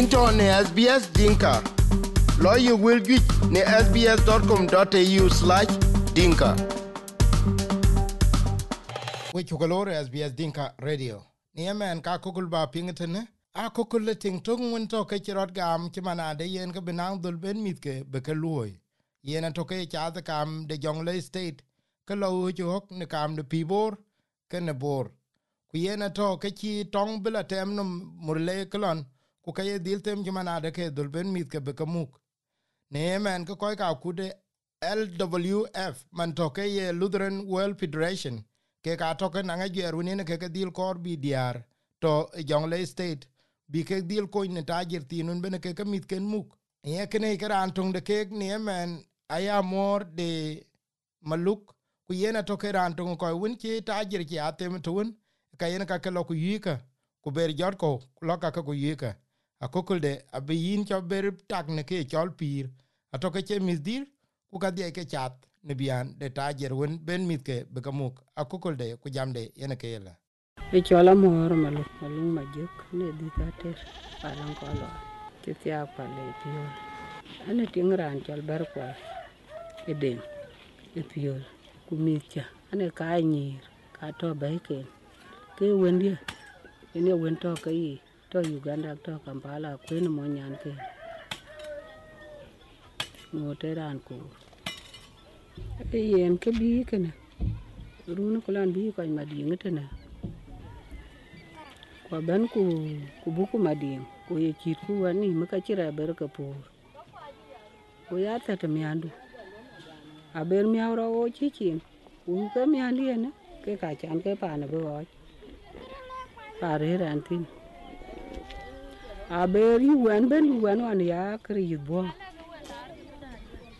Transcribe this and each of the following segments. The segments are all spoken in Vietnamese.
into ne SBS Dinka. Lawyer will get ne sbs.com.au slash dinka. We chukalor SBS Dinka Radio. Ni yemen ka ba pingetene. A kukul le ting tung win to ke chirot gam mana de yen ke benang dul ben mit ke beke luoy. Yen a toke chadha kam de jongle state. Ke lo hok ne kam de pibor ke ne bor. Ku yen to ke chi tong bila tem num murle kelon ku ka ye dil tem juma na de ke dul ben mit ke be kamuk ne men ko koy ka kude LWF man to ke ye Lutheran World Federation ke ka to ke na ga jeru ne ke ke dil kor bi diar to jongle state bi ke dil ko ne ta jer tinun ben ke ke mit ken muk ye ke ne ke ran tung de ke ne men aya mor de maluk ku yena to ke ran tung ko win ke ta jer ki atem tun ka yena ka ke lo ku yika ku ber jor ko lo ka ko yika akokol abe yin cho ber tak ne ke chol pir atoke che misdir ku ka dia ke chat ne bian de ta jerwen ben mit be kamuk akokol de ku jamde yene ke yela e chola mor malu malu majuk ne di tate palang kolo ti ti apa le pio ane tingran chol ber kwa eden e, e pio ku mitcha ane ka nyir ka to ba ke ke wendia ene wen to ka yi kutoka Uganda kutoka Kampala kwenu monyan ke ngoteran ko e yen ke bi kene runu kulan bi ko madinga tene kwa ban ku ku buku mading ku ye kit ku wani maka chira ber ka pur ku ya ta ta miandu a ber mi awra o chi chi ku ka miandi ne ke ka chan ke pa na bo pa re ran tin aberi wen ben wen wan ya kri yit bo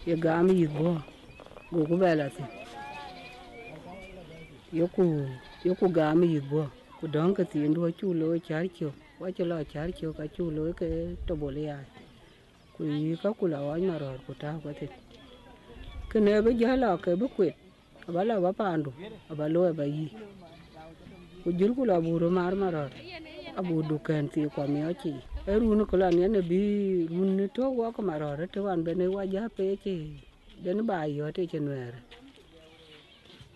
ye gam yit bo go ku bela ti yoku yoku gam yit bo ku don ka ti ndo chu lo char chu wa chu lo char chu ka chu lo ke to bo le ya ku yi ka ku la wa na ro ku ta ko ti ke ne be ja la ke bu kwet ba la ba pandu ba lo ba yi ku jul ku la bu ro mar marot abu dukan ti kwa miochi erun kula ni ne bi run to wa ko re to wan ne wa ja pe chi den ba yo te chen wer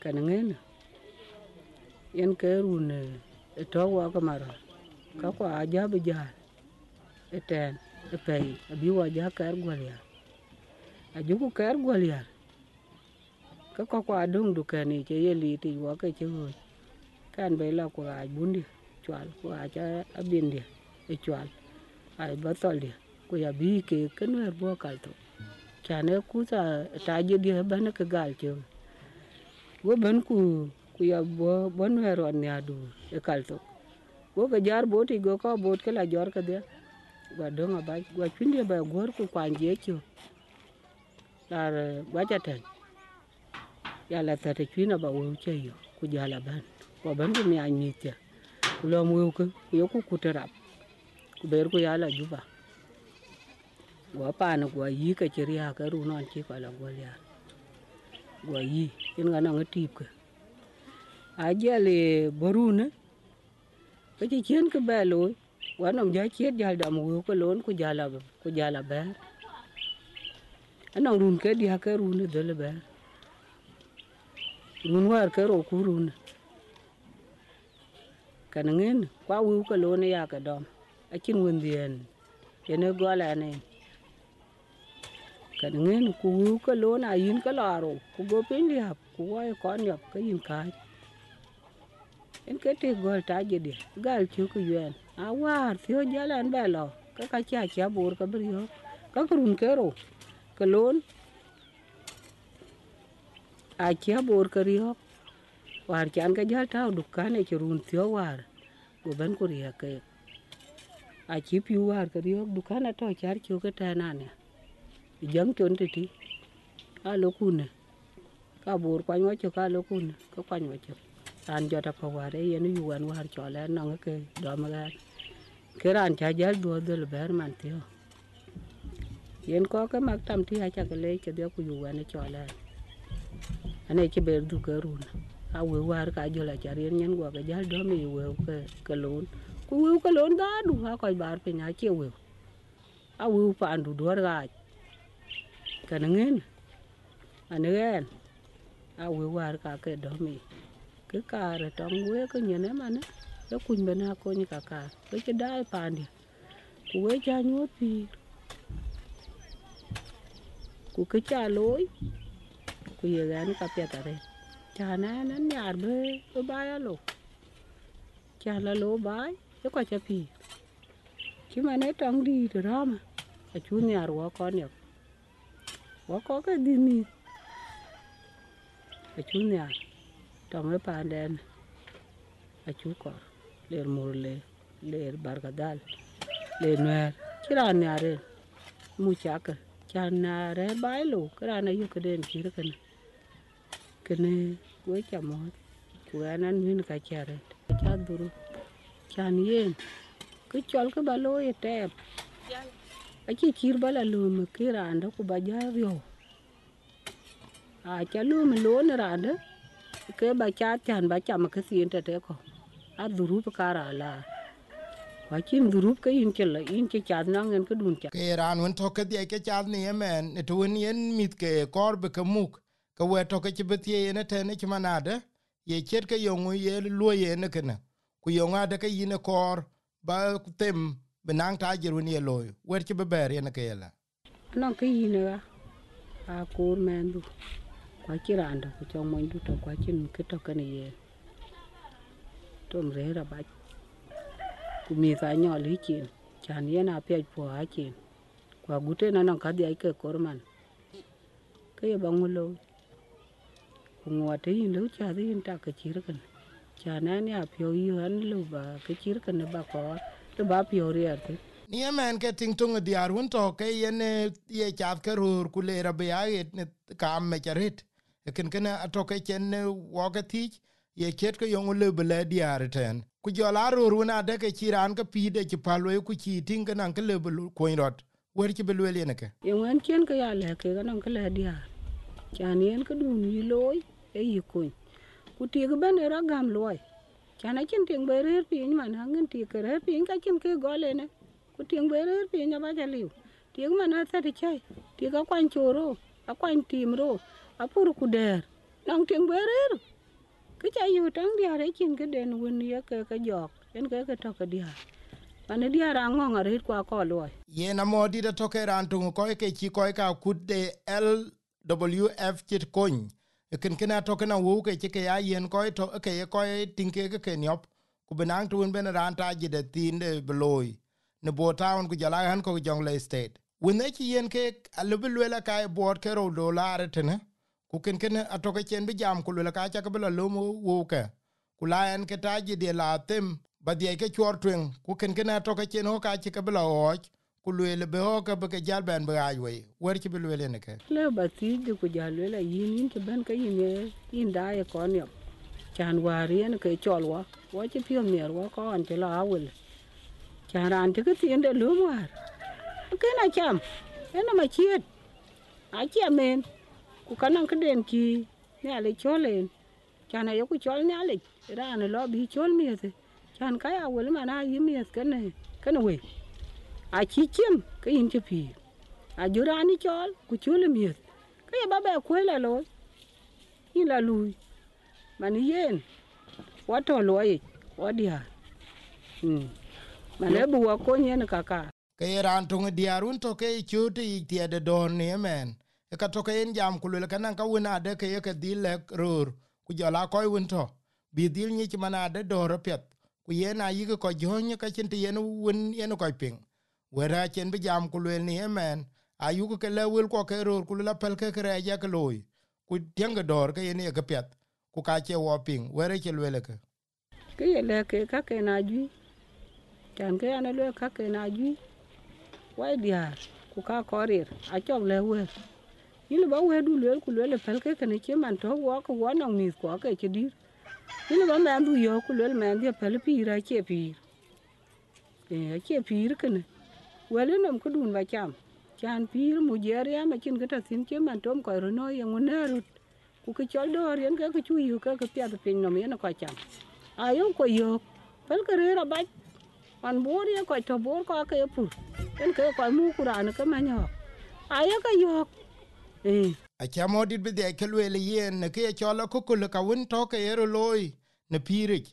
kan ngen yen ke e to wa ko maro ka kwa ja bi ja e, e pe e bi wa ja kar er gwalya a ju er gwalya ka kwa kwa dung dukan ni che li ti wa ke chu kan be la kwa bundi chwal ko acha abin dia e chwal ai batol dia ko ya bi ke kenwer bo kal to chane ku ta ta je cái ban ke gal che wo ban ku ku ya bo bon wer on ya du e kal to wo ga jar bo ti go ka bot ke la jor ka dia gwa donga ba gwa chinde ba gor ku kwanje chu lar ba cha ten ya la ta ti china ba wo che yo ku ja la ban ko ban mi an mi che lo mu ku yo ku kutarap ku ber ku yala juba gwa pa na gwa yi ka chiri ha ka ru non chi ka la gwa ya gwa yi in ga na tip ka a je le boru na ka chi chen ka ba lo wa nom ja chi ja da mu ku lon ku ja la ku ja la ba ana run ka di ha ka ru ne de le ba run war ka ro ku ru cái nó ngén quá u cái lúa này à cái đom ở trên nguyên điền cho nó gọi là này cái nó ngén cú u cái lúa này yên cái lò rồi cú go pin đi học cú quay con nhập cái yên cái em cái thì gọi trái gì đi gọi chiếu cái duyên à wow thiếu giá là anh bè lò cái cái chia chia bùn cái bự hơn cái cái run cái rồi cái lúa ai chia bùn cái riêng war chan ka jal tau dukan e churun tio war go ben ko ria ke a chi piu war ka rio dukan a to char chu ka ta na ne jang chon ti ti a lo kun ka bur kwa ngo chu ka lo kun ka kwa ngo chu ran jo ta pa war e yen yu an war cho le na e ke do ma ga ke ran cha jal do do ber man tio yen ko ka mak tam ti ha cha ke le ke dio ku yu an e cho le ane ke ber du ka runa a we war ka jola charien nyen go ga jal do mi we ke ke lon ku we ke lon da du ha ko bar pe nya che we a we pa andu do ga ka ngen anegen a we war ka ke do mi ke ka re tong we e ke nyen ma ne ke kun be na ko ni ka ka ke che dai pa ndi ku we cha nyu pi ku ke cha loy ku ye gan ka pe ta re chana nan yar be o baya lo chala lo bai e ko cha pi ki mane tong di to rama a chu nyar wa ko ne wa ko ka di mi a chu nyar tong e panden a chu ko ler mur le ler bargadal le nuer kira nyare mu chaka chana re bai lo kra na yu kden kir kana kene we cha mo kuanan min ka chare cha duru chan yen ku chol ka balo ye tep achi chir bala lum ki randa ku baja yo a cha lum lo ne randa ke ba cha chan ba cha ma ka sien ta te ko a duru ka ra la wachin durup ke in chela in che chad na ngen ke dun cha ke ran wen thoke dia ke chad ni yemen ne to wen yen mit ke korbe ke muk ka we toke ci bi thie yene tene ci manade ye chet ke yongu ye luo yene kene ku yonga de ke yine kor ba tem benang ta jiru ni loyo wer ci beber yene ke yela non ke yine ga a kur mendu kwa kiranda ku chong mo ndu to kwa chin ke to ke ye tom re ra ba ku mi ka nyo li chin chan yena pe po a chin kwa gute na non ka dai ke korman ke ba ngulo kungotin lu cha tin ta ka chir kan cha na ni a pyo yu han lu ba ka chir kan ba ko to ba pyo ri ar ni amen ke ting tung diar un to ke yen ye chap ke rur ku le ra be a ye kam me charit ken ken a to ke chen wo ke ti ye ket ke yong lu be diar ten ku jol a rur un a de ke chiran ke pi de ti palwe ku chi ting ke nan ke le bu ku rot wer ci belwel yeneke yewen kien ke ya le ke ganan ke le diar chan yen ke dun yi loy e yikun ku ti ga ban ra gam loy chana chin ting ba rer pi man ha ngin ti ka rer pi ka chin ke gole ne ku ting ba rer pi nya ba ja liu ti ga man ta ti chai ti ga kwan choro a kwan tim ro a pur ku der nang ting ba rer cái chạy vô trắng đi đấy chín cái đèn quên đi cái cái giọt đến cái cái thọc cái đi và nó đi ra ngon ở hết qua cỏ rồi ye nam mô đi ra thọc cái ran tung coi cái chỉ coi cả cút de l w f chit coin ken ken a token a wo ke ke ya yen ko to ke ko tin ke ke ken yop ku benang tuun ben ran ta ji de tin de bloy ne bo taun ku jala han ko jong le state win ne yen ke a lu bi le ka e bor ke ro dollar te ne ku ken ken a to chen bi jam ku le ka cha ke lo mu wo ku la en ke ta ji de la tem ba de ke chor twen ku ken ken a to chen ho ka ti ke blo och ku luele be oka be ke jal ben be aywe wer ki be luele ne ke le ba ti ju ku jal luele yin yin ke ben ke yin ye yin da ye kon yo chan wari ne ke cholwa wa ti pio mer wa ko an te la awel chan ran te ke ti ende lu war ke na cham ena ma chiet a chi amen ku kanan ke den ki ne ale cholen chan ayo ku chol ne ale ran lo bi chol mi te chan ka ya wel ma na yim yes ke ne ke ne we achichem ke yin che pir ajurani chol ku chule mieth ye baba kwe la loy la lui mani yen wato loy wadia mm. malebu wakonyen kaka ke ran tung diarun to ke chuti tiede don ni men e ka to ken jam kulul kanan ka wona de ke ke dile rur ku jala koy won to bi dil ni ki mana de do ropet ku ye na yi ko jonye ka chin yen won yen ko ping wera chen bi jam ku lwel ni emen ayu ke le wil ko ke ror ku la pel ke kre ja ke loy ku tienge dor ke ni ke pet ku ka che wo ping wera che lwel e ke ke ye le ke ka ke na ju tan ke ana le ka ke na ju wa dia ku ka korir a chok le wer yini ba wer du lwel ku lwel pel ke ke ne che man to wo ko wo no mi ko ke che dir yini ba man du yo ku lwel man dia pel pi ra che pi e che pi ke ne wala nam ko dun ba cham chan pir mu jeria ma chin ka tasin che man tom ko ro no yang unerut ku ke chol do rien ka ku chuyu ka ka pya da pin no me na ko cham ayo ko yo pel ka re ra ba pan bor ya ko to bor ko ka pu ken ka ko mu ku ra na ka ma nyo ayo ka yo eh a chamo dit bi de ke le yen ne ke chol ko ku ka win to ke ro loy ne pirik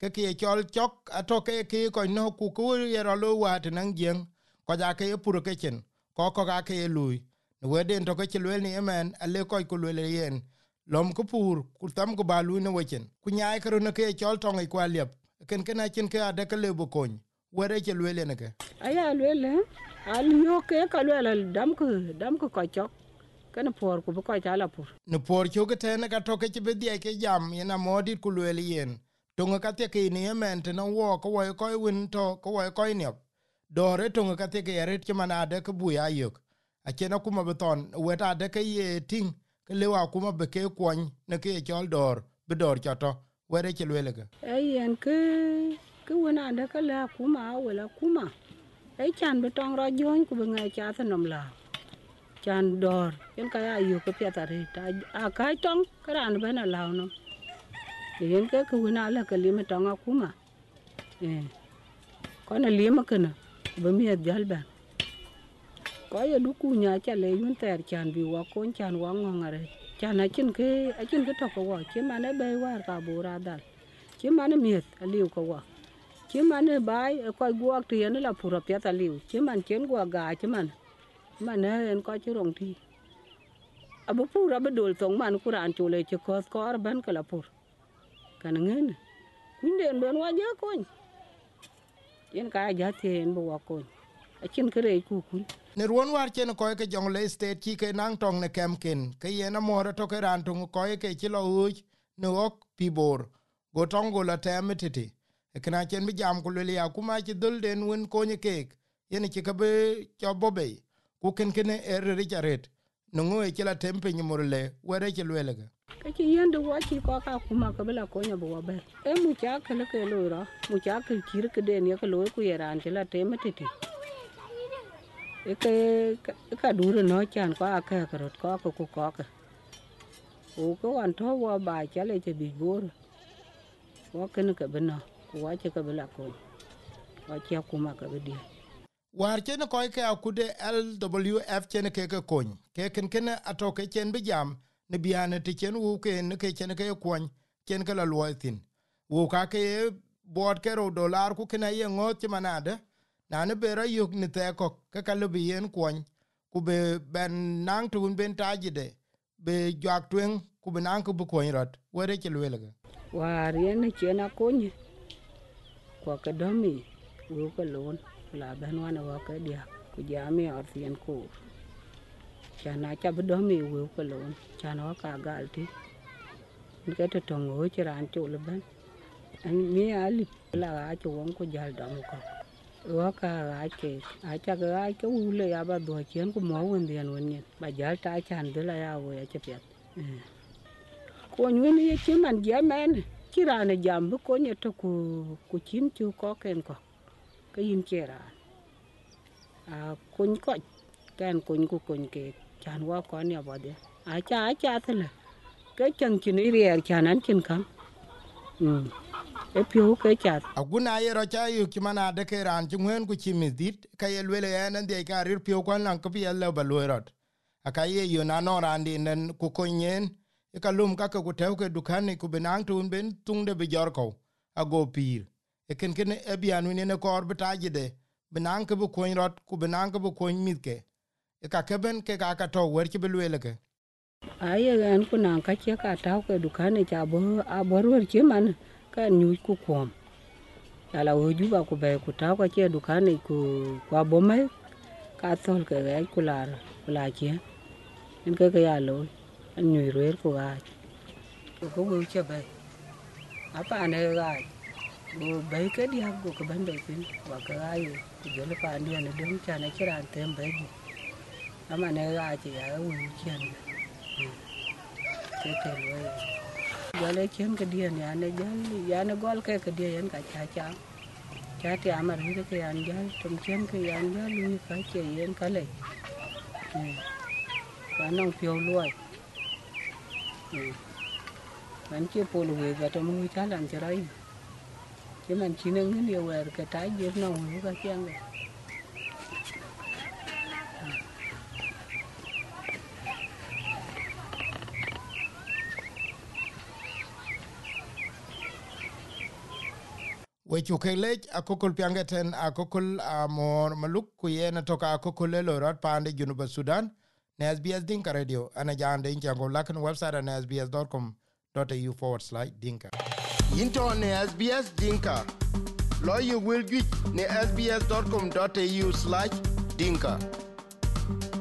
ke ke chol chok a to ke ke ko no ku ku ye ro lo wa ta nang jeng ko ja ke pur ke chen ko ko ga ke lui ne weden to ke chilwe ni emen ale ko ku le yen lom ku pur ku tam ku balu ne wechen ku nyaay kru ne ke chol to ngi e kwa lep ken ken chen ke ade ke le bu kon were ke lwe ne ke aya lwe le al yo ke ka lwe le dam ku dam ku ko chok ken por ku ko ta la pur ne por chu ke te ne ka to ke ti be die ke jam na modi ku lwe yen tunga ka te ke ni emen te no wo ko wo e ko win to ko wo e ko ni dore tonga kate ke yaret ke mana de ke buya yok a chena kuma beton weta de ke ye ting ke lewa kuma be ke kwon ne ke chol dor be dor chato were ke lelega ayen ke ke wona de ke la kuma wala kuma ai chan be ro jon ku be ngai cha ta la chan dor yen ka ya e ke pya ta a kai tong karan be na la no yen ke ke wona la ke lima tonga kuma eh kona lima kana bơm hết jal ben ko ye du ku nya cha le yun ter chan bi wa kon chan wa ngongare chan a chin cái, a chin ke to ko wa chi mane be war ka bu ra dal mà nó miet liều liu ko mà nó bay, coi eh, ko guak nó là phù hợp pya ta liều, mà liu chi man chen gua ga chi man mane en ko chi rong thi abu pura be dol tong man kuran chu có có ở bên cái là phù, cái này kan này, kun den don wa nhớ coi. yen ka ja te en bo wakon achin kere e kukun ne ruon war chen ko ke jong le state ki ke nang tong ne kem ken ke yen amoro to ke ran tung ko ke ti lo u ne ok pibor go tong go la tem e titi e kana chen bi jam ku le ya kuma ti dul den won ko ne ke yen ti ke be cho bobe ku ken ken er ri jaret no ngo e ti e la tem pe ni mor le were ti le le kaki yende wa ki ko ka kuma ka bela ko nya bo ba e mu cha ka le ke lo ro mu cha ka kir ke de ne ka lo ku yera an la te mate ti e ke ka du ro no chan ko a ka ka ro ko ko ko ko ka o ko an tho wa ba cha le che bi bor wa ke ne ka bena wa che ka bela ko wa cha kuma ka be di war chen ko ke akude lwf chen ke ke kon ke ken ken atoke chen bi jam ne biane te chen wu ke ne ke chen ke kwon chen ke la luotin wu ka ke bot ke ro dollar ku kena ye ngot ti manade na ne bera yuk ni te ko ke ka lubi yen kwon ku be ben nang tun ben tajide be jak twen ku be nang ku bu kwon rot were ke luelga war yen ne chen akonye kwa ka domi wu ka lon la ben wana wa ka dia ku jami arfien kur cha na cha bữa đó mi will của lộn cha nó cả gal thì cái đó trồng ngồi chỉ ăn chỗ là bên anh mi ali là ai chỗ ông có già đó một con ủa cả ai cái ai cha cái ai cái u lệ à bà đuổi chiến của máu quên tiền quên nhỉ bà già trái chăn thế là ao vậy chấp nhận ừ. cô nhuyễn đi chiến anh dễ men chỉ ra này giảm bức cô nhớ cho cô cô chiến chưa có kèn có cái im chè ra à cô nhớ cái kèn cô nhớ cô nhớ chan wa kon ya bode a cha a cha thala ke chang chin ri er chan an chin kam mm e pio ke cha aguna ye ro cha yu ki mana de ke ran chi ngwen ku chi mizdit ka ye lele en an de ka ri pio kon lan ku ye le ba lo rot aka ye yu na no ran di nen ku ko nyen e ka lum ka ku te ke dukani ku benang tun ben tung de bi jor ko ago pir e ken ken e bianu ne ne kor bitaje de benang ke bu ko rot ku benang ke bu ko mitke ka keben ke ka ka to wer ki belwele ke aye an ku nan ka ke ka ta ke dukane cha bo a bor wer ke man ka nyu ku kom ala wo ju ba ku be ku ta ka ke dukane ku kwa bo me ka tol ke ga ku la ku la ke en ke ke ya lo an nyu wer ku ga ku wo che be apa ne ga go bai ke di ha go ke ban be pin wa ka ga yo ku je le pa ndi an dum cha na kira an tem be nó mà nơi ra chỉ ở quần chiên thế thì rồi giờ lấy chiên cái điền nhà này giờ giờ nó gọi cái cái điền cả cha cháu cha thì ăn mà thấy cái ăn giá trong chiên cái ăn giờ lui cái chỉ ăn cái ừ. này và nông phiêu lui ừ. mình chưa phụ lùi và trong nuôi cá làm cho đấy chứ mình chỉ nâng cái điều là cái trái dưỡng nồng của cái chiên rồi we cu kek lec akokol piaŋketen akokol amor maluk ku ye na toka akokol e loi rot paande junuba sudan ne sbs dinka radio ana jaande incango lakin website ana sbs com au forward slash dinka into ne sbs dinka lo ye wel ne sbs com dinka